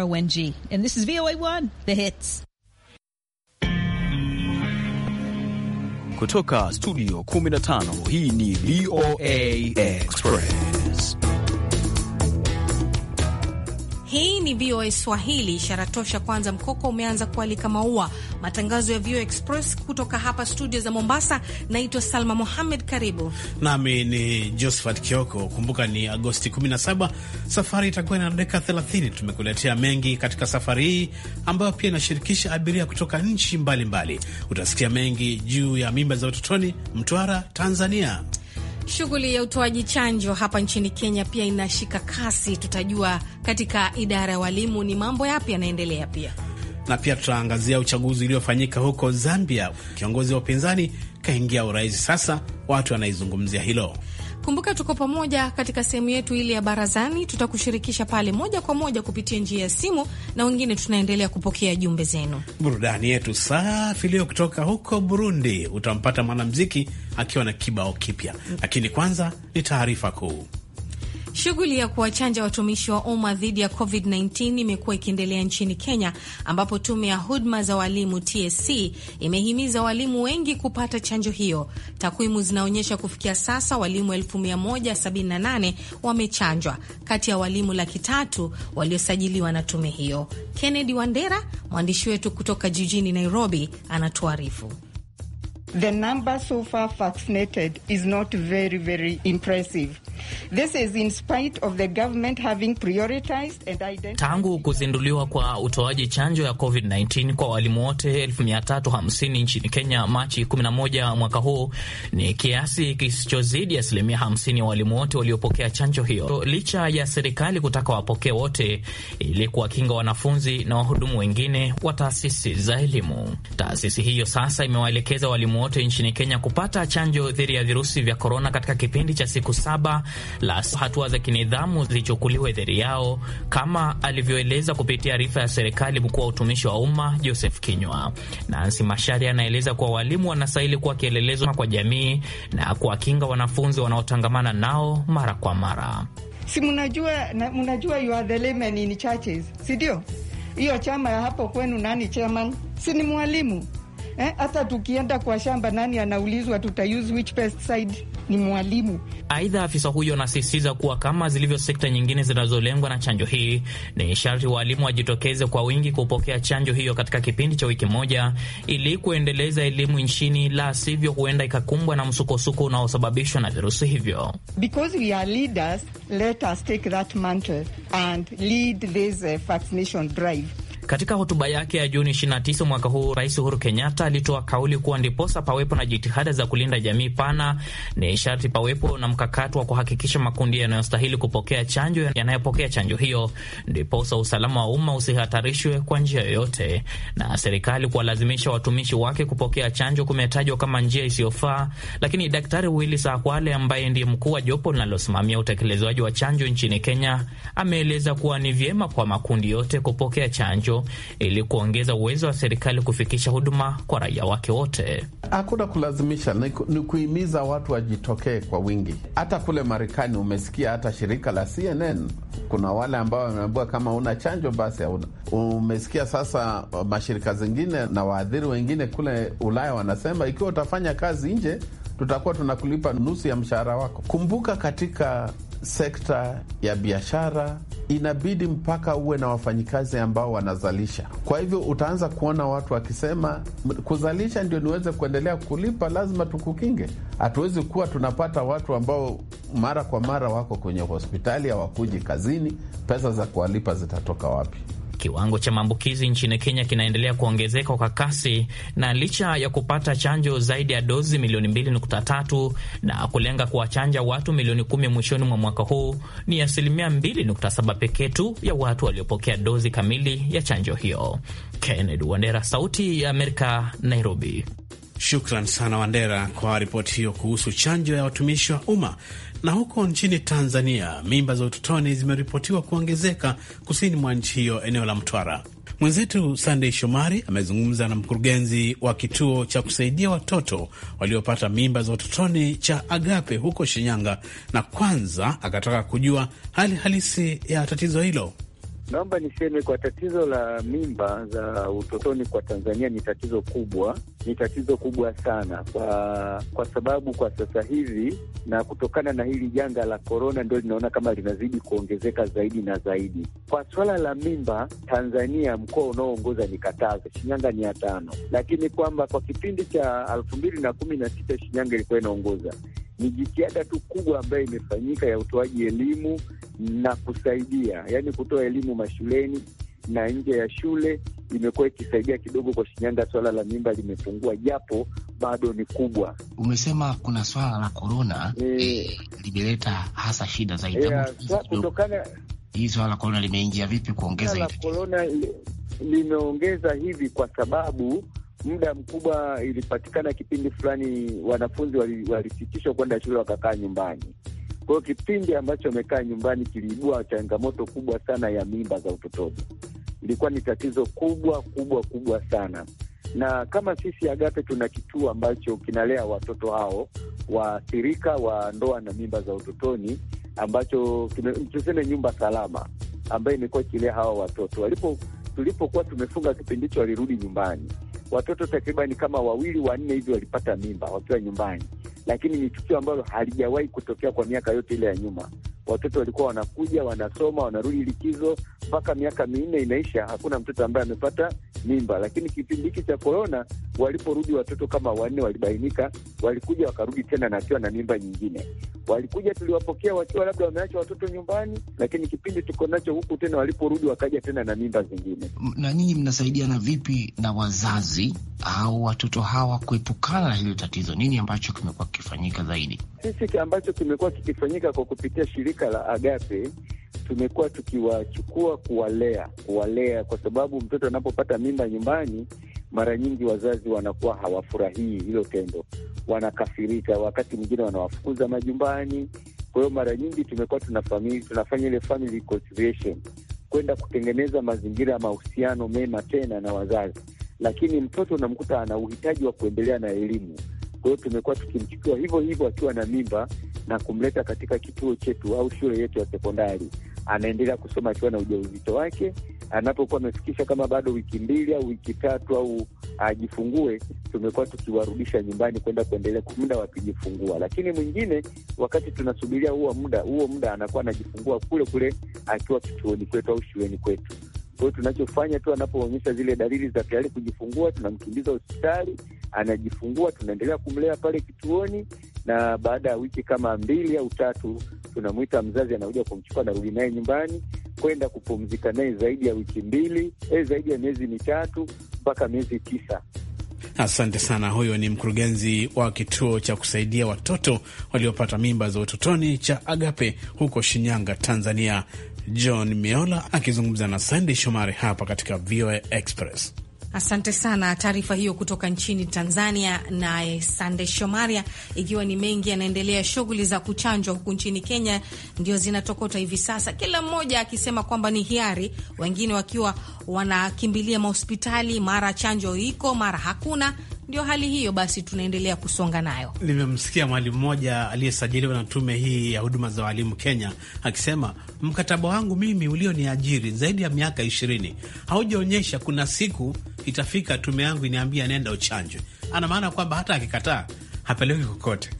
R-O-N-G. And this is VOA1, The Hits. Kutoka studio 15, hii ni VOA Express. Hii ni VOA Swahili, ishara tosha kwanza mkoko umeanza kualika maua. Matangazo ya VOA Express kutoka hapa studio za Mombasa. Naitwa Salma Mohamed, karibu nami ni Josephat Kioko. Kumbuka ni Agosti 17, safari itakuwa na dakika 30. Tumekuletea mengi katika safari hii ambayo pia inashirikisha abiria kutoka nchi mbalimbali mbali. Utasikia mengi juu ya mimba za utotoni Mtwara, Tanzania. Shughuli ya utoaji chanjo hapa nchini Kenya pia inashika kasi. Tutajua katika idara ya walimu ni mambo yapi yanaendelea pia na pia tutaangazia uchaguzi uliofanyika huko Zambia. Kiongozi wa upinzani kaingia urais, sasa watu wanaizungumzia hilo. Kumbuka tuko pamoja katika sehemu yetu ile ya barazani, tutakushirikisha pale moja kwa moja kupitia njia ya simu, na wengine tunaendelea kupokea jumbe zenu. Burudani yetu safi leo kutoka huko Burundi, utampata mwanamuziki akiwa na kibao kipya, lakini kwanza ni taarifa kuu. Shughuli ya kuwachanja watumishi wa umma dhidi ya COVID-19 imekuwa ikiendelea nchini Kenya, ambapo tume ya huduma za walimu TSC imehimiza walimu wengi kupata chanjo hiyo. Takwimu zinaonyesha kufikia sasa walimu 178 wamechanjwa kati ya walimu laki tatu waliosajiliwa na tume hiyo. Kennedy Wandera, mwandishi wetu kutoka jijini Nairobi, anatuarifu. The number so far vaccinated is not very, very impressive. This is in spite of the government having prioritized and identified. Tangu kuzinduliwa kwa utoaji chanjo ya COVID-19 kwa walimu wote 350 nchini Kenya Machi 11 mwaka huu, ni kiasi kisichozidi asilimia 50 ya walimu wote waliopokea chanjo hiyo, licha ya serikali kutaka wapokee wote ili kuwakinga wanafunzi na wahudumu wengine wa taasisi za elimu. Taasisi hiyo sasa imewaelekeza walimu wote nchini Kenya kupata chanjo dhidi ya virusi vya korona katika kipindi cha siku saba, la hatua za kinidhamu zilichukuliwe dhidi yao, kama alivyoeleza kupitia arifa ya serikali mkuu wa utumishi wa umma Joseph kinywa Nansi Mashari anaeleza kuwa walimu wanastahili kuwa kielelezo kwa jamii na kuwakinga wanafunzi wanaotangamana nao mara kwa mara. Si mnajua, mnajua you are the in churches, si ndio? Hiyo chama ya hapo kwenu nani chairman? Si ni mwalimu Eh, hata tukienda kwa shamba, nani anaulizwa tuta use which pesticide? Ni mwalimu. Aidha, afisa huyo anasisitiza kuwa kama zilivyo sekta nyingine zinazolengwa na chanjo hii, ni sharti waalimu wajitokeze kwa wingi kupokea chanjo hiyo katika kipindi cha wiki moja, ili kuendeleza elimu nchini, la sivyo huenda ikakumbwa na msukosuko unaosababishwa na virusi hivyo. Because we are leaders, let us take that mantle and lead this eh, vaccination drive. Katika hotuba yake ya Juni 29 mwaka huu, Rais Uhuru Kenyatta alitoa kauli kuwa ndiposa pawepo na jitihada za kulinda jamii pana, ni sharti pawepo na mkakati wa kuhakikisha makundi yanayostahili kupokea chanjo yanayopokea chanjo hiyo, ndiposa usalama wa umma usihatarishwe kwa njia yoyote. Na serikali kuwalazimisha watumishi wake kupokea chanjo kumetajwa kama njia isiyofaa, lakini Daktari Willis Akwale ambaye ndiye mkuu wa jopo linalosimamia utekelezwaji wa chanjo nchini Kenya ameeleza kuwa ni vyema kwa makundi yote kupokea chanjo ili kuongeza uwezo wa serikali kufikisha huduma kwa raia wake wote. Hakuna kulazimisha, ni kuhimiza watu wajitokee kwa wingi. Hata kule Marekani umesikia hata shirika la CNN kuna wale ambao wameambiwa kama una chanjo basi hauna. Umesikia sasa uh, mashirika zingine na waadhiri wengine kule Ulaya wanasema ikiwa utafanya kazi nje tutakuwa tunakulipa nusu ya mshahara wako. Kumbuka katika sekta ya biashara inabidi mpaka uwe na wafanyikazi ambao wanazalisha. Kwa hivyo utaanza kuona watu wakisema kuzalisha ndio niweze kuendelea kulipa, lazima tukukinge. Hatuwezi kuwa tunapata watu ambao mara kwa mara wako kwenye hospitali hawakuji kazini, pesa za kuwalipa zitatoka wapi? Kiwango cha maambukizi nchini Kenya kinaendelea kuongezeka kwa kasi, na licha ya kupata chanjo zaidi ya dozi milioni 2.3 na kulenga kuwachanja watu milioni 10 mwishoni mwa mwaka huu, ni asilimia 2.7 pekee tu ya watu waliopokea dozi kamili ya chanjo hiyo. Kennedy Wandera, Sauti ya Amerika, Nairobi. Shukran sana Wandera kwa ripoti hiyo kuhusu chanjo ya watumishi wa umma. Na huko nchini Tanzania, mimba za utotoni zimeripotiwa kuongezeka kusini mwa nchi hiyo, eneo la Mtwara. Mwenzetu Sandey Shomari amezungumza na mkurugenzi wa kituo cha kusaidia watoto waliopata mimba za utotoni cha Agape huko Shinyanga, na kwanza akataka kujua hali halisi ya tatizo hilo. Naomba niseme kwa tatizo la mimba za utotoni kwa Tanzania ni tatizo kubwa, ni tatizo kubwa sana, kwa kwa sababu kwa sasa hivi na kutokana na hili janga la korona, ndio linaona kama linazidi kuongezeka zaidi na zaidi. Kwa swala la mimba, Tanzania mkoa unaoongoza ni Katavi, Shinyanga ni ya tano, lakini kwamba kwa kipindi cha elfu mbili na kumi na sita Shinyanga ilikuwa inaongoza ni jitihada tu kubwa ambayo imefanyika ya utoaji elimu na kusaidia, yaani kutoa elimu mashuleni na nje ya shule imekuwa ikisaidia kidogo. Kwa Shinyanga swala la mimba limepungua, japo bado ni kubwa. Umesema kuna swala la korona e, e, limeleta hasa shida zaidi e, kutokana hii swala la korona limeingia vipi kuongeza korona limeongeza hivi kwa sababu muda mkubwa ilipatikana kipindi fulani, wanafunzi walisitishwa kwenda shule wakakaa nyumbani. Kwa hiyo kipindi ambacho wamekaa nyumbani kiliibua changamoto kubwa sana ya mimba za utotoni. Ilikuwa ni tatizo kubwa kubwa kubwa sana, na kama sisi Agape tuna kituo ambacho kinalea watoto hao waathirika wa ndoa na mimba za utotoni, ambacho tuseme nyumba salama, ambayo imekuwa ikilea hawa watoto. Tulipokuwa tumefunga kipindi hicho, walirudi nyumbani watoto takribani kama wawili wanne hivi walipata mimba wakiwa nyumbani, lakini ni tukio ambalo halijawahi kutokea kwa miaka yote ile ya nyuma. Watoto walikuwa wanakuja, wanasoma, wanarudi likizo, mpaka miaka minne inaisha, hakuna mtoto ambaye amepata mimba. Lakini kipindi hiki cha korona Waliporudi watoto kama wanne walibainika, walikuja wakarudi tena na akiwa na mimba nyingine. Walikuja tuliwapokea wakiwa labda wameacha watoto nyumbani, lakini kipindi tuko nacho huku tena, waliporudi wakaja tena na mimba zingine. Na nyinyi mnasaidiana vipi na wazazi au watoto hawa kuepukana na hilo tatizo? Nini ambacho kimekuwa kikifanyika zaidi? Sisi ambacho kimekuwa kikifanyika kwa kupitia shirika la Agape tumekuwa tukiwachukua kuwalea, kuwalea kwa sababu mtoto anapopata mimba nyumbani mara nyingi wazazi wanakuwa hawafurahii hilo tendo, wanakafirika, wakati mwingine wanawafukuza majumbani. Kwa hiyo mara nyingi tumekuwa tunafanya ile family kwenda kutengeneza mazingira ya mahusiano mema tena na wazazi, lakini mtoto unamkuta ana uhitaji wa kuendelea na elimu. Kwa hiyo tumekuwa tukimchukua hivyo hivyo akiwa na mimba na kumleta katika kituo chetu au shule yetu ya sekondari anaendelea kusoma akiwa na ujauzito wake. Anapokuwa amefikisha kama bado wiki mbili au wiki tatu au ajifungue, tumekuwa tukiwarudisha nyumbani kwenda kuendelea muda wakijifungua. Lakini mwingine, wakati tunasubiria huo muda, huo muda anakuwa anajifungua kule kule akiwa kituoni kwetu au shuleni kwetu. Kwa hiyo tunachofanya tu, anapoonyesha zile dalili za tayari kujifungua, tunamkimbiza hospitali, anajifungua, tunaendelea kumlea pale kituoni na baada ya wiki kama mbili au tatu tunamwita mzazi, anakuja kumchukua, anarudi naye nyumbani kwenda kupumzika naye zaidi ya wiki mbili, e, zaidi ya miezi mitatu mpaka miezi tisa. Asante sana. Huyo ni mkurugenzi wa kituo cha kusaidia watoto waliopata mimba za utotoni cha Agape huko Shinyanga, Tanzania, John Miola akizungumza na sandey Shomari hapa katika VOA Express. Asante sana, taarifa hiyo kutoka nchini Tanzania. Naye Sande Shomaria, ikiwa ni mengi yanaendelea, shughuli za kuchanjwa huku nchini Kenya ndio zinatokota hivi sasa, kila mmoja akisema kwamba ni hiari, wengine wakiwa wanakimbilia mahospitali, mara chanjo iko, mara hakuna ndio hali hiyo, basi tunaendelea kusonga nayo. Nimemsikia mwalimu mmoja aliyesajiliwa na tume hii ya huduma za walimu Kenya akisema, mkataba wangu mimi ulioniajiri zaidi ya miaka ishirini haujaonyesha kuna siku itafika tume yangu iniambia nenda uchanjwe. Ana maana kwamba hata akikataa hapelekwi kokote.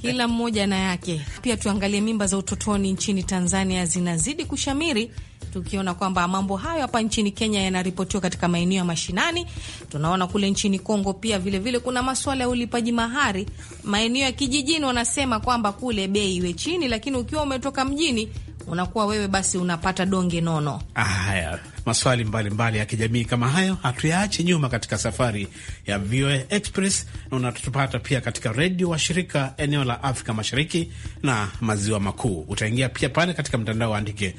Kila mmoja na yake. Pia tuangalie mimba za utotoni nchini Tanzania zinazidi kushamiri tukiona kwamba mambo hayo hapa nchini Kenya yanaripotiwa katika maeneo ya mashinani. Tunaona kule nchini Kongo pia vilevile vile kuna maswala ya ulipaji mahari. Maeneo ya kijijini wanasema kwamba kule bei iwe chini, lakini ukiwa umetoka mjini unakuwa wewe basi unapata donge nono. Haya, maswali mbalimbali ya kijamii kama hayo hatuyaache nyuma katika safari ya VOA Express, na unatupata pia katika redio wa shirika eneo la Afrika Mashariki na Maziwa Makuu. Utaingia pia pale katika mtandao, waandike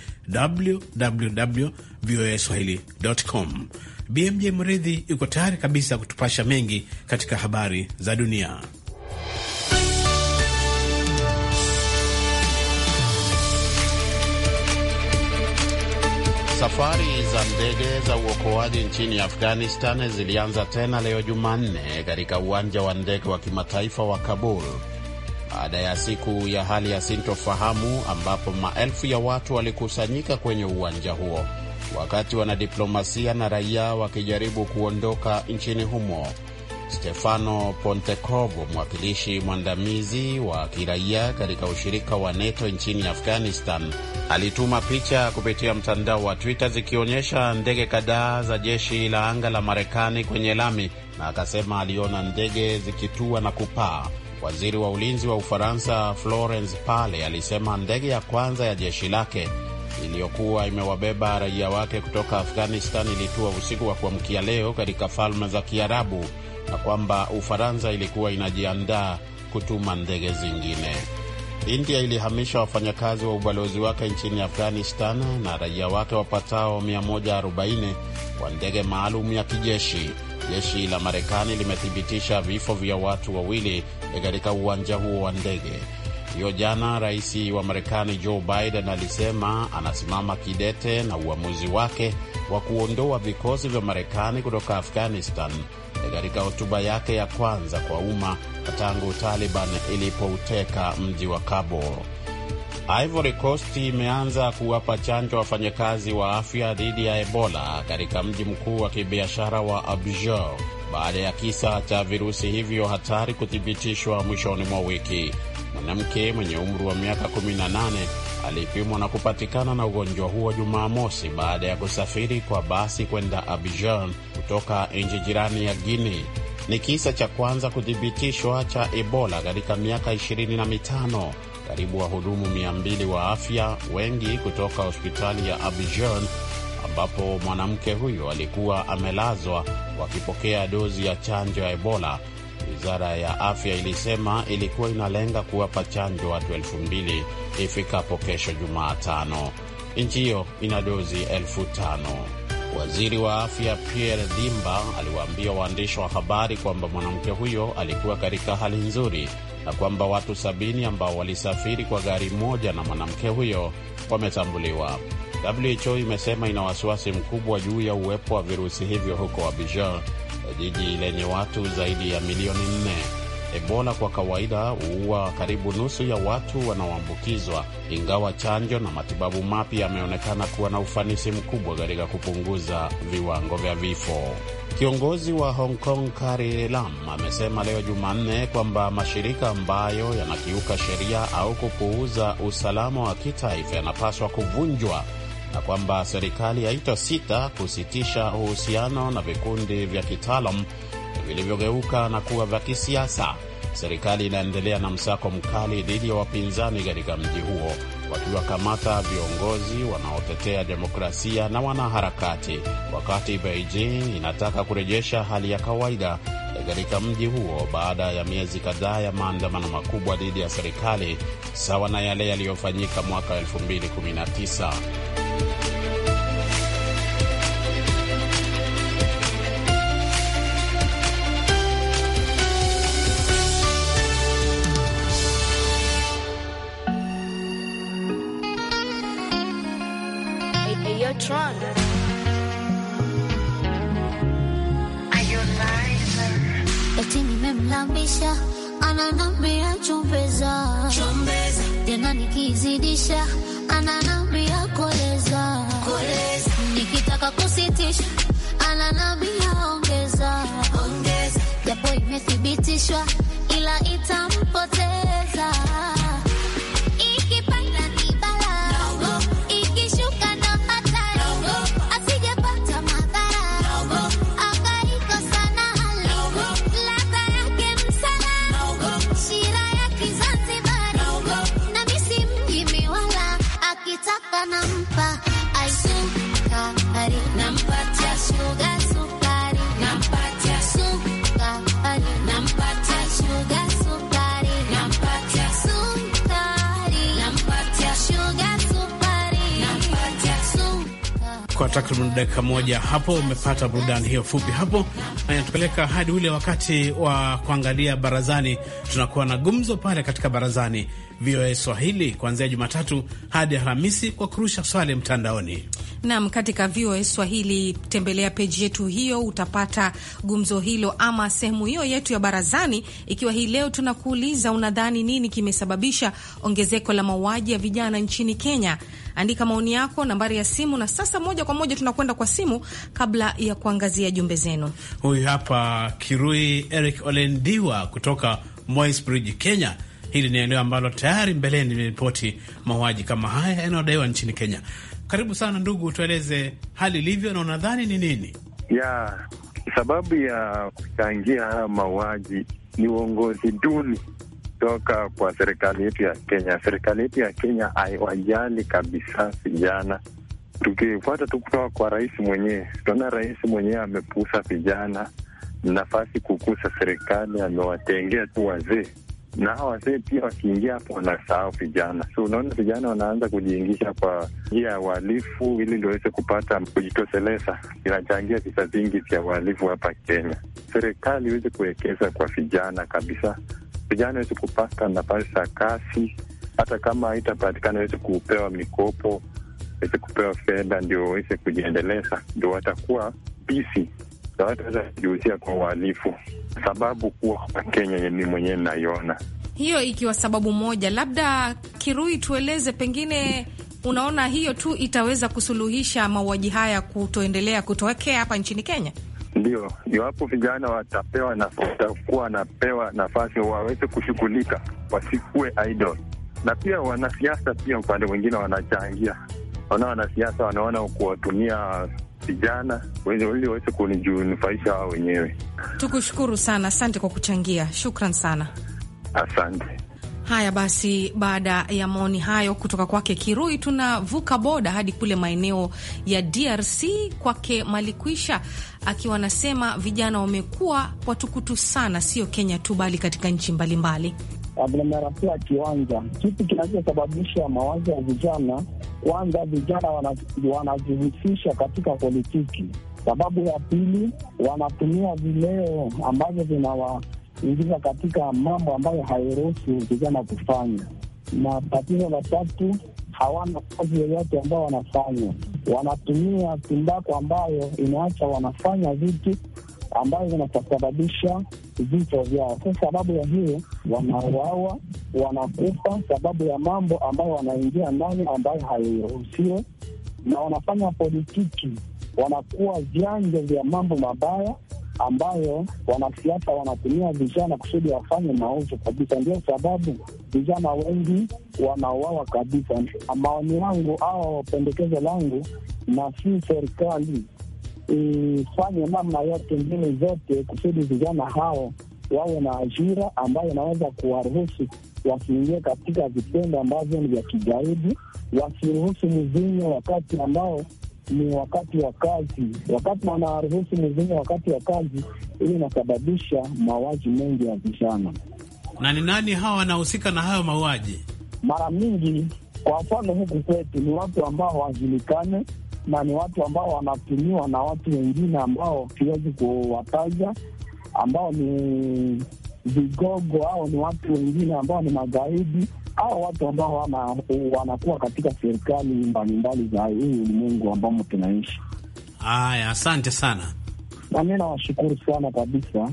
swahilicom BMJ Mridhi yuko tayari kabisa kutupasha mengi katika habari za dunia. Safari za ndege za uokoaji nchini Afghanistan zilianza tena leo Jumanne katika uwanja wa ndege wa kimataifa wa Kabul baada ya siku ya hali ya sintofahamu ambapo maelfu ya watu walikusanyika kwenye uwanja huo wakati wanadiplomasia na raia wakijaribu kuondoka nchini humo. Stefano Pontecorvo, mwakilishi mwandamizi wa kiraia katika ushirika wa NATO nchini Afghanistan, alituma picha kupitia mtandao wa Twitter zikionyesha ndege kadhaa za jeshi la anga la Marekani kwenye lami, na akasema aliona ndege zikitua na kupaa. Waziri wa ulinzi wa Ufaransa Florence Pale alisema ndege ya kwanza ya jeshi lake iliyokuwa imewabeba raia wake kutoka Afghanistan ilitua usiku wa kuamkia leo katika Falme za Kiarabu na kwamba Ufaransa ilikuwa inajiandaa kutuma ndege zingine. India ilihamisha wafanyakazi wa ubalozi wake nchini Afghanistan na raia wake wapatao 140 kwa ndege maalum ya kijeshi. Jeshi la Marekani limethibitisha vifo vya watu wawili katika uwanja huo wa ndege. Hiyo jana, rais wa Marekani Joe Biden alisema anasimama kidete na uamuzi wake wa kuondoa vikosi vya Marekani kutoka Afghanistan katika hotuba yake ya kwanza kwa umma tangu Taliban ilipouteka mji wa Kabul. Ivory Coast imeanza kuwapa chanjo wafanyakazi wa afya dhidi ya Ebola katika mji mkuu wa kibiashara wa Abidjan baada ya kisa cha virusi hivyo hatari kuthibitishwa mwishoni mwa wiki. Mwanamke mwenye umri wa miaka 18 alipimwa na kupatikana na ugonjwa huo Jumamosi baada ya kusafiri kwa basi kwenda Abidjan kutoka nchi jirani ya Guinea. Ni kisa cha kwanza kuthibitishwa cha Ebola katika miaka ishirini na mitano. Karibu wahudumu mia wa afya, wengi kutoka hospitali ya Abidjan ambapo mwanamke huyo alikuwa amelazwa, wakipokea dozi ya chanjo ya Ebola Wizara ya afya ilisema ilikuwa inalenga kuwapa chanjo watu elfu mbili ifikapo kesho Jumatano. Nchi hiyo ina dozi elfu tano. Waziri wa afya Pierre Dimba aliwaambia waandishi wa habari kwamba mwanamke huyo alikuwa katika hali nzuri na kwamba watu sabini ambao walisafiri kwa gari moja na mwanamke huyo wametambuliwa. WHO imesema ina wasiwasi mkubwa juu ya uwepo wa virusi hivyo huko Abidjan jiji lenye watu zaidi ya milioni nne. Ebola kwa kawaida huua karibu nusu ya watu wanaoambukizwa, ingawa chanjo na matibabu mapya yameonekana kuwa na ufanisi mkubwa katika kupunguza viwango vya vifo. Kiongozi wa Hong Kong Carrie Lam amesema leo Jumanne kwamba mashirika ambayo yanakiuka sheria au kupuuza usalama wa kitaifa yanapaswa kuvunjwa na kwamba serikali sita kusitisha uhusiano na vikundi vya kitaalam vilivyogeuka na kuwa vya kisiasa. Serikali inaendelea na msako mkali dhidi ya wapinzani katika mji huo, wakiwakamata viongozi wanaotetea demokrasia na wanaharakati, wakati Beijing inataka kurejesha hali ya kawaida katika mji huo baada ya miezi kadhaa ya maandamano makubwa dhidi ya serikali sawa na yale yaliyofanyika mwaka 2019. wa kusitisha, ana nabii ongeza ongeza, japo imethibitishwa takriban dakika moja hapo. Umepata burudani hiyo fupi hapo, na inatupeleka hadi ule wakati wa kuangalia barazani. Tunakuwa na gumzo pale katika barazani VOA Swahili kuanzia Jumatatu hadi Alhamisi kwa kurusha swali mtandaoni. Nam, katika VOA Swahili tembelea peji yetu hiyo, utapata gumzo hilo ama sehemu hiyo yetu ya barazani, ikiwa hii leo tunakuuliza unadhani nini kimesababisha ongezeko la mauaji ya vijana nchini Kenya? Andika maoni yako, nambari ya simu. Na sasa moja kwa moja tunakwenda kwa simu kabla ya kuangazia jumbe zenu. Huyu hapa Kirui Eric Olendiwa kutoka Moisbridge, Kenya. Hili ni eneo ambalo tayari mbeleni limeripoti mauaji kama haya yanayodaiwa nchini Kenya. Karibu sana ndugu, tueleze hali ilivyo na unadhani ni nini ya sababu ya kuchangia haya mauaji? Ni uongozi duni toka kwa serikali yetu ya Kenya. Serikali yetu ya Kenya haiwajali kabisa vijana. Tukifuata tu kutoka kwa rais mwenyewe, tunaona rais mwenyewe amepuusa vijana, nafasi kukuza serikali amewatengea tu wazee na hawa wazee pia wakiingia hapo wanasahau vijana. So unaona vijana wanaanza kujiingisha kwa njia ya uhalifu ili ndio waweze kupata kujitosheleza. Inachangia visa vingi vya uhalifu hapa Kenya. Serikali iweze kuwekeza kwa vijana kabisa, vijana waweze kupata nafasi za kazi, hata kama haitapatikana waweze kupewa mikopo, waweze kupewa fedha, ndio waweze kujiendeleza, ndio watakuwa bisi, ndio wataweza kujihusia kwa uhalifu sababu kuwa kwa Kenya ni mwenyewe naiona hiyo ikiwa sababu moja. Labda Kirui, tueleze pengine unaona hiyo tu itaweza kusuluhisha mauaji haya kutoendelea kutokea hapa nchini Kenya? Ndio, iwapo vijana watapewa na watakuwa wanapewa nafasi waweze kushughulika, wasikuwe idol. Na pia wanasiasa pia upande mwingine wanachangia, naona wanasiasa wanaona kuwatumia vijana ili waweze kunijunufaisha wao wenyewe. Tukushukuru sana, asante kwa kuchangia, shukran sana, asante. Haya basi, baada ya maoni hayo kutoka kwake Kirui, tunavuka boda hadi kule maeneo ya DRC kwake Malikwisha akiwa anasema vijana wamekuwa watukutu sana, sio Kenya tu bali katika nchi mbalimbali. Aglomerasia kiwanja, kitu kinachosababisha mawazo ya vijana kwanza vijana wanajihusisha katika politiki. Sababu ya pili, wanatumia vileo ambavyo vinawaingiza katika mambo ambayo hairuhusu vijana kufanya, na tatizo la tatu, hawana kazi yoyote ambayo wanafanya. Wanatumia tumbako ambayo inaacha wanafanya vitu ambayo vinasababisha vifo vyao. Kwa sababu ya hiyo, wanawawa wanakufa sababu ya mambo ambayo wanaingia ndani ambayo hairuhusiwe, na wanafanya politiki, wanakuwa vyanzo vya mambo mabaya ambayo wanasiasa wanatumia vijana kusudi wafanye mauzo kabisa. Ndio sababu vijana wengi wanauawa kabisa. Maoni yangu au pendekezo langu, na si serikali ifanye namna yote mbili zote kusudi vijana hao wawe na ajira ambayo inaweza kuwaruhusu wasiingie katika vitendo ambavyo ni vya kigaidi, wasiruhusu mizinyo wakati ambao ni wakati wa kazi. Wakati wanaruhusu mizinyo wakati wa kazi, ili inasababisha mauaji mengi ya vijana. Na ni nani hawa wanahusika na hayo mauaji? Mara mingi, kwa mfano, huku kwetu ni watu ambao hawajulikane na ni watu ambao wanatumiwa na watu wengine ambao siwezi kuwataja ambao ni vigogo au ni watu wengine ambao ni magaidi au watu ambao wana, wanakuwa katika serikali mbalimbali za hii ulimwengu ambamo tunaishi. Haya, asante sana, nami nawashukuru sana kabisa.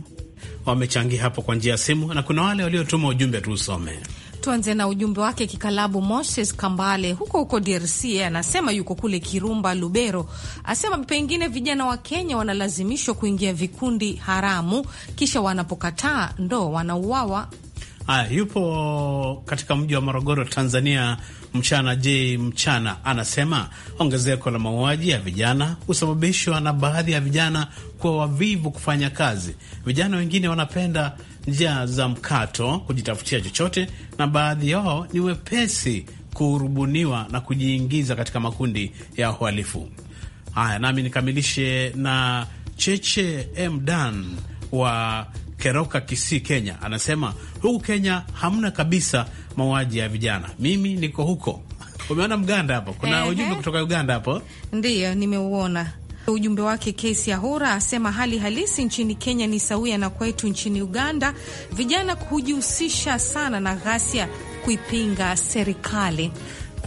Wamechangia hapo kwa njia ya simu, na kuna wale waliotuma ujumbe tuusome. Tuanze na ujumbe wake kikalabu. Moses Kambale huko huko DRC anasema yuko kule Kirumba, Lubero, asema pengine vijana wa Kenya wanalazimishwa kuingia vikundi haramu, kisha wanapokataa ndo wanauawa Haya, yupo katika mji wa Morogoro, Tanzania. Mchana J Mchana anasema ongezeko la mauaji ya vijana husababishwa na baadhi ya vijana kuwa wavivu kufanya kazi. Vijana wengine wanapenda njia za mkato kujitafutia chochote, na baadhi yao ni wepesi kurubuniwa na kujiingiza katika makundi ya uhalifu. Haya, nami nikamilishe na Cheche Mdan wa Keroka Kisii, Kenya, anasema huku Kenya hamna kabisa mauaji ya vijana. Mimi niko huko. Umeona mganda hapo, kuna ujumbe kutoka Uganda hapo, ndiyo nimeuona ujumbe wake. Kesi ya Hura asema hali halisi nchini Kenya ni sawia na kwetu nchini Uganda. Vijana hujihusisha sana na ghasia kuipinga serikali.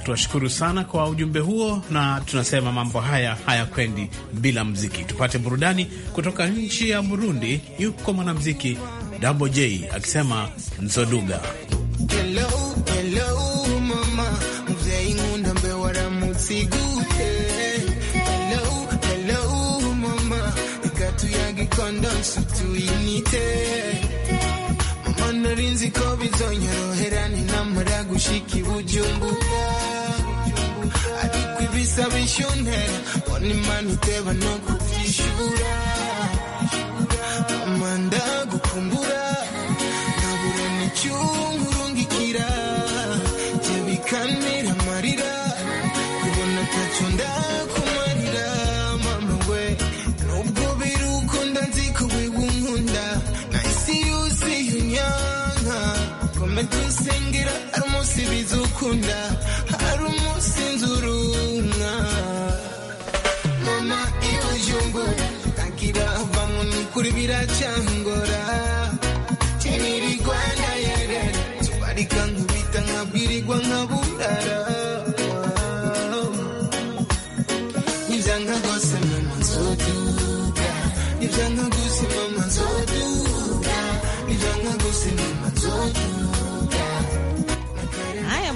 Tunashukuru sana kwa ujumbe huo, na tunasema mambo haya hayakwendi bila mziki. Tupate burudani kutoka nchi ya Burundi. Yuko mwanamziki Double J akisema Nzoduga. hello, hello, mama hello, hello, mama sinzi ko bizonyorohera ninamara gushika i Bujumbura ariko ibisaba ishuntera mbona imana iteba no kubyishura mama ndagukumbura nkabura n'icyungu singira ari umunsi bizukunda ari umunsi nzurunka mama ibujyungu tangira bamwe ni ukuri biracyangora kiniri rwanda yere tubarika nkubita nkabwirirwa nkaburara nibyanga rwose nibyanga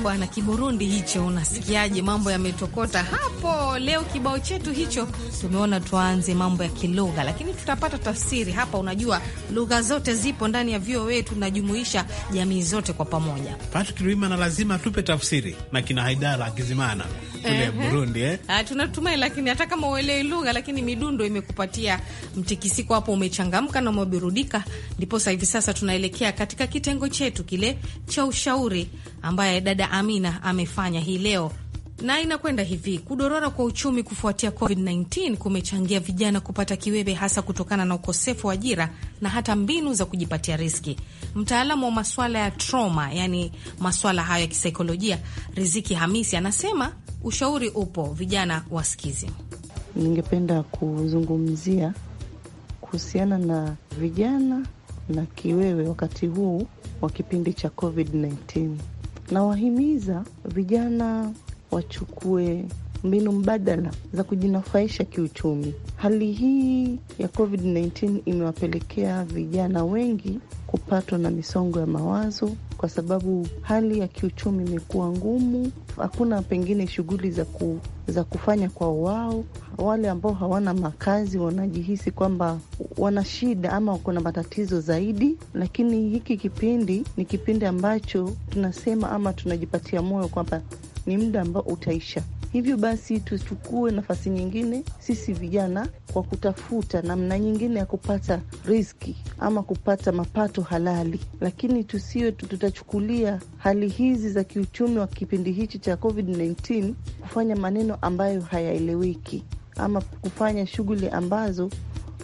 bwana Kiburundi hicho, unasikiaje? Mambo yametokota hapo. Leo kibao chetu hicho tumeona tuanze mambo ya kilugha, lakini tutapata tafsiri hapa. Unajua lugha zote zipo ndani ya vio wetu, tunajumuisha jamii zote kwa pamoja. Patrick na lazima tupe tafsiri na kina Haidara Akizimana kule Burundi eh? Ha, ah, tunatumai, lakini hata kama uelewi lugha, lakini midundo imekupatia mtikisiko hapo, umechangamka na umeburudika. Ndipo hivi sasa tunaelekea katika kitengo chetu kile cha ushauri ambaye dada Amina amefanya hii leo na inakwenda hivi: kudorora kwa uchumi kufuatia COVID-19 kumechangia vijana kupata kiwewe, hasa kutokana na ukosefu wa ajira na hata mbinu za kujipatia riski. Mtaalamu wa maswala ya trauma, yani maswala hayo ya kisaikolojia, Riziki Hamisi anasema ushauri upo, vijana wasikizi. Ningependa kuzungumzia kuhusiana na vijana na kiwewe wakati huu wa kipindi cha COVID-19 nawahimiza vijana wachukue mbinu mbadala za kujinufaisha kiuchumi. Hali hii ya COVID-19 imewapelekea vijana wengi kupatwa na misongo ya mawazo kwa sababu hali ya kiuchumi imekuwa ngumu. Hakuna pengine shughuli za, ku, za kufanya kwa wao. Wale ambao hawana makazi wanajihisi kwamba wana shida ama wako na matatizo zaidi, lakini hiki kipindi ni kipindi ambacho tunasema ama tunajipatia moyo kwamba ni muda ambao utaisha. Hivyo basi tuchukue nafasi nyingine sisi vijana kwa kutafuta namna nyingine ya kupata riski ama kupata mapato halali, lakini tusiwe tutachukulia hali hizi za kiuchumi wa kipindi hichi cha COVID-19 kufanya maneno ambayo hayaeleweki ama kufanya shughuli ambazo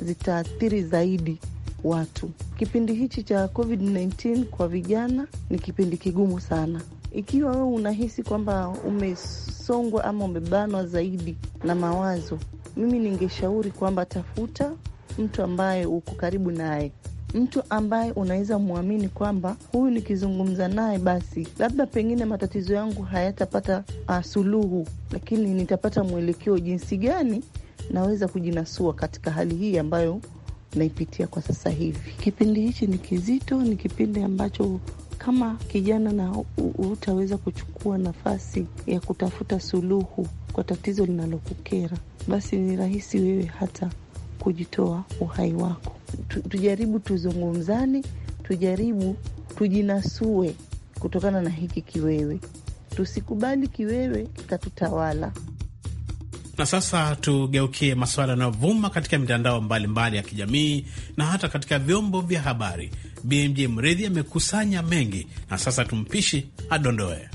zitaathiri zaidi watu. Kipindi hichi cha COVID-19 kwa vijana ni kipindi kigumu sana. Ikiwa wewe unahisi kwamba umesongwa ama umebanwa zaidi na mawazo, mimi ningeshauri kwamba tafuta mtu ambaye uko karibu naye, mtu ambaye unaweza mwamini kwamba huyu nikizungumza naye, basi labda pengine matatizo yangu hayatapata uh, suluhu, lakini nitapata mwelekeo jinsi gani naweza kujinasua katika hali hii ambayo naipitia kwa sasa hivi. Kipindi hichi ni kizito, ni kipindi ambacho kama kijana na hutaweza kuchukua nafasi ya kutafuta suluhu kwa tatizo linalokukera, basi ni rahisi wewe hata kujitoa uhai wako. Tu, tujaribu tuzungumzane, tujaribu tujinasue kutokana na hiki kiwewe, tusikubali kiwewe kikatutawala. Na sasa tugeukie masuala yanayovuma katika mitandao mbalimbali ya kijamii na hata katika vyombo vya habari. BMJ Mredhi amekusanya mengi, na sasa tumpishi adondoe.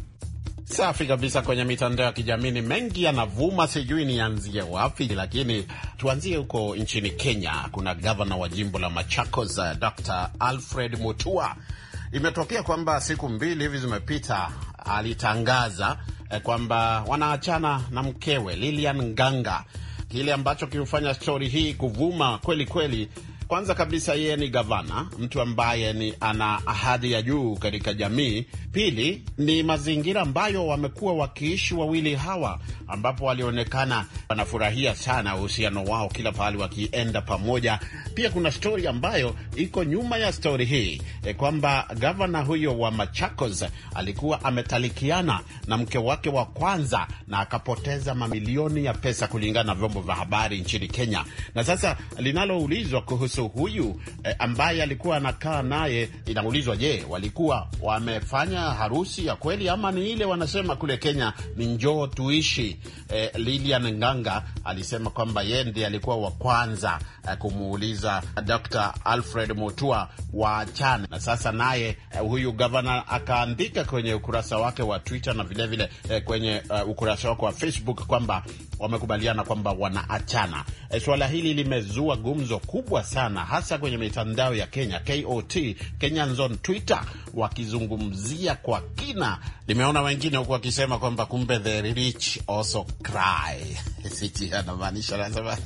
Safi kabisa. Kwenye mitandao ya kijamii ni mengi yanavuma, sijui nianzie wapi, lakini tuanzie huko nchini Kenya. Kuna gavana wa jimbo la Machakos, uh, Dr Alfred Mutua. Imetokea kwamba siku mbili hivi zimepita, alitangaza eh, kwamba wanaachana na mkewe Lilian Nganga, kile ambacho kimfanya stori hii kuvuma kweli kweli kwanza kabisa yeye ni gavana, mtu ambaye ni ana ahadi ya juu katika jamii. Pili ni mazingira ambayo wamekuwa wakiishi wawili hawa, ambapo walionekana wanafurahia sana uhusiano wao kila pahali wakienda pamoja. Pia kuna stori ambayo iko nyuma ya stori hii e, kwamba gavana huyo wa Machakos alikuwa ametalikiana na mke wake wa kwanza na akapoteza mamilioni ya pesa, kulingana na vyombo vya habari nchini Kenya. Na sasa linaloulizwa kuhusu kuhusu huyu eh, ambaye alikuwa anakaa naye. Inaulizwa, je, walikuwa wamefanya harusi ya kweli ama ni ile wanasema kule Kenya ni njoo tuishi? Eh, Lilian Nganga alisema kwamba yeye ndiye alikuwa wa kwanza eh, kumuuliza Dr. Alfred Mutua waachane, na sasa naye eh, huyu gavana akaandika kwenye ukurasa wake wa Twitter na vilevile vile, eh, kwenye uh, ukurasa wake wa Facebook kwamba wamekubaliana kwamba wanaachana. E, suala hili limezua gumzo kubwa sana, hasa kwenye mitandao ya Kenya. KOT, Kenyans on Twitter, wakizungumzia kwa kina. Limeona wengine huku wakisema kwamba kumbe the rich also cry anamaanisha anasema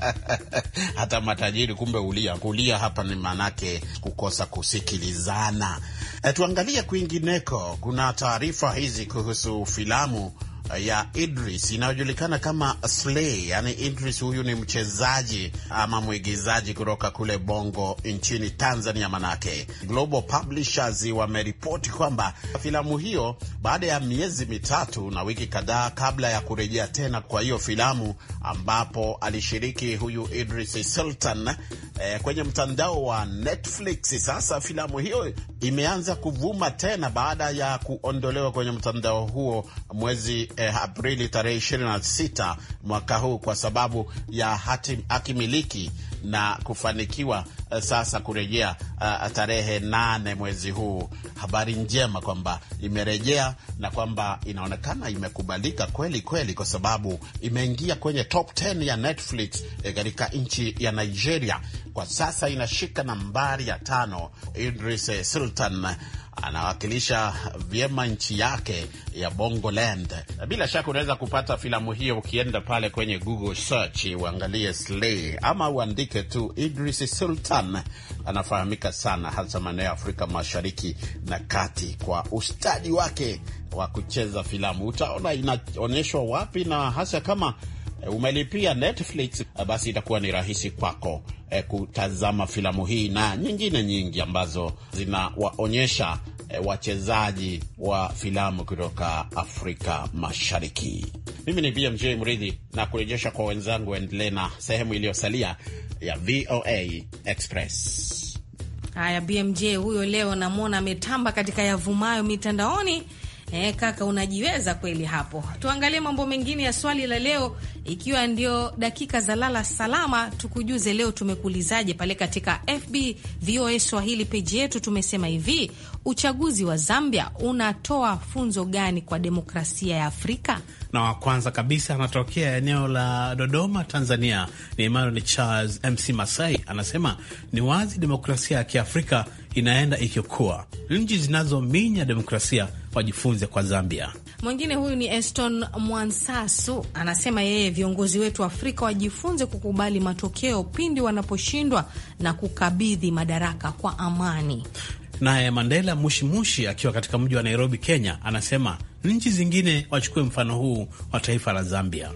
hata matajiri kumbe ulia kulia hapa ni maanake kukosa kusikilizana. E, tuangalie kwingineko. Kuna taarifa hizi kuhusu filamu ya Idris inayojulikana kama Slay. Yani Idris huyu ni mchezaji ama mwigizaji kutoka kule Bongo nchini Tanzania. Manake Global Publishers wameripoti kwamba filamu hiyo baada ya miezi mitatu na wiki kadhaa kabla ya kurejea tena kwa hiyo filamu ambapo alishiriki huyu Idris Sultan eh, kwenye mtandao wa Netflix. Sasa filamu hiyo imeanza kuvuma tena baada ya kuondolewa kwenye mtandao huo mwezi eh, Aprili tarehe 26 mwaka huu kwa sababu ya hati, akimiliki na kufanikiwa sasa kurejea uh, tarehe nane mwezi huu. Habari njema kwamba imerejea na kwamba inaonekana imekubalika kweli kweli, kwa sababu imeingia kwenye top 10 ya Netflix eh, katika e, nchi ya Nigeria. Kwa sasa inashika nambari ya tano. Idris Sultan anawakilisha vyema nchi yake ya Bongoland. Bila shaka unaweza kupata filamu hiyo ukienda pale kwenye Google search, uangalie Slay ama uandike tu Idris Sultan Hassan anafahamika sana hasa maeneo ya Afrika Mashariki na Kati kwa ustadi wake wa kucheza filamu. Utaona inaonyeshwa wapi, na hasa kama eh, umelipia Netflix, eh, basi itakuwa ni rahisi kwako eh, kutazama filamu hii na nyingine nyingi ambazo zinawaonyesha eh, wachezaji wa filamu kutoka Afrika Mashariki. Mimi ni BMJ Mridhi na kurejesha kwa wenzangu, endelee na sehemu iliyosalia ya VOA Express. Haya, BMJ huyo leo namwona ametamba katika yavumayo mitandaoni. E, kaka unajiweza kweli hapo. Tuangalie mambo mengine ya swali la leo, ikiwa ndio dakika za lala salama, tukujuze leo tumekuulizaje pale katika FB VOA Swahili peji yetu. Tumesema hivi, uchaguzi wa Zambia unatoa funzo gani kwa demokrasia ya Afrika? Na wa kwanza kabisa anatokea eneo la Dodoma, Tanzania, ni Emmanuel Charles Mc Masai, anasema ni wazi demokrasia ya kiafrika inaenda ikikua. Nchi zinazominya demokrasia wajifunze kwa Zambia. Mwingine huyu ni Eston Mwansasu, anasema yeye, viongozi wetu Afrika wajifunze kukubali matokeo pindi wanaposhindwa na kukabidhi madaraka kwa amani. Naye Mandela Mushimushi akiwa katika mji wa Nairobi, Kenya, anasema nchi zingine wachukue mfano huu wa taifa la Zambia.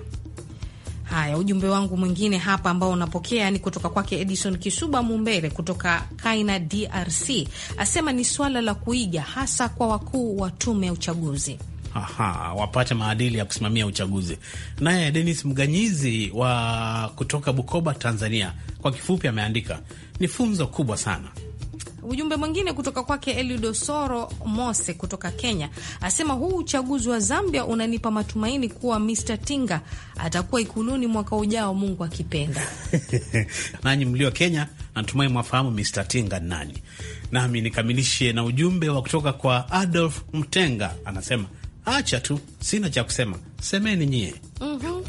Haya, ujumbe wangu mwingine hapa ambao unapokea ni kutoka kwake Edison Kisuba Mumbere kutoka Kaina, DRC, asema ni swala la kuiga hasa kwa wakuu wa tume ya uchaguzi. Aha, wapate maadili ya kusimamia uchaguzi. Naye Denis Mganyizi wa kutoka Bukoba, Tanzania, kwa kifupi ameandika ni funzo kubwa sana Ujumbe mwingine kutoka kwake Elidosoro Mose kutoka Kenya asema huu uchaguzi wa Zambia unanipa matumaini kuwa Mr Tinga atakuwa ikuluni mwaka ujao, Mungu akipenda. Nanyi mlio Kenya natumai mwafahamu Mr Tinga nani, nami nikamilishe na ujumbe wa kutoka kwa Adolf Mtenga anasema acha tu, sina cha kusema, semeni nyie. mm -hmm.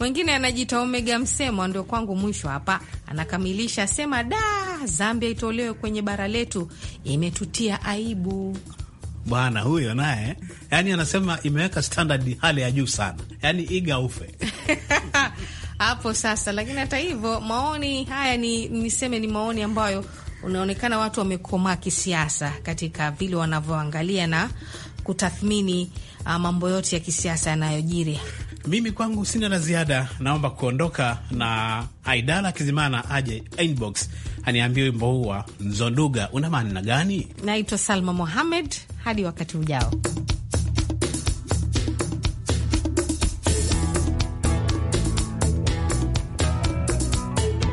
Mwingine anajita Omega Msemo, ndio kwangu mwisho hapa, anakamilisha sema daa Zambia itolewe kwenye bara letu imetutia aibu. Bwana huyo naye, yani anasema imeweka standard hali ya juu sana, yani iga ufe hapo sasa. Lakini hata hivyo maoni haya ni niseme, ni maoni ambayo unaonekana watu wamekomaa kisiasa katika vile wanavyoangalia na kutathmini ah, mambo yote ya kisiasa yanayojiri mimi kwangu sina la ziada, naomba kuondoka na Aidala Kizimana aje inbox aniambie wimbo huu wa Nzonduga una maana gani? Naitwa Salma Mohamed, hadi wakati ujao.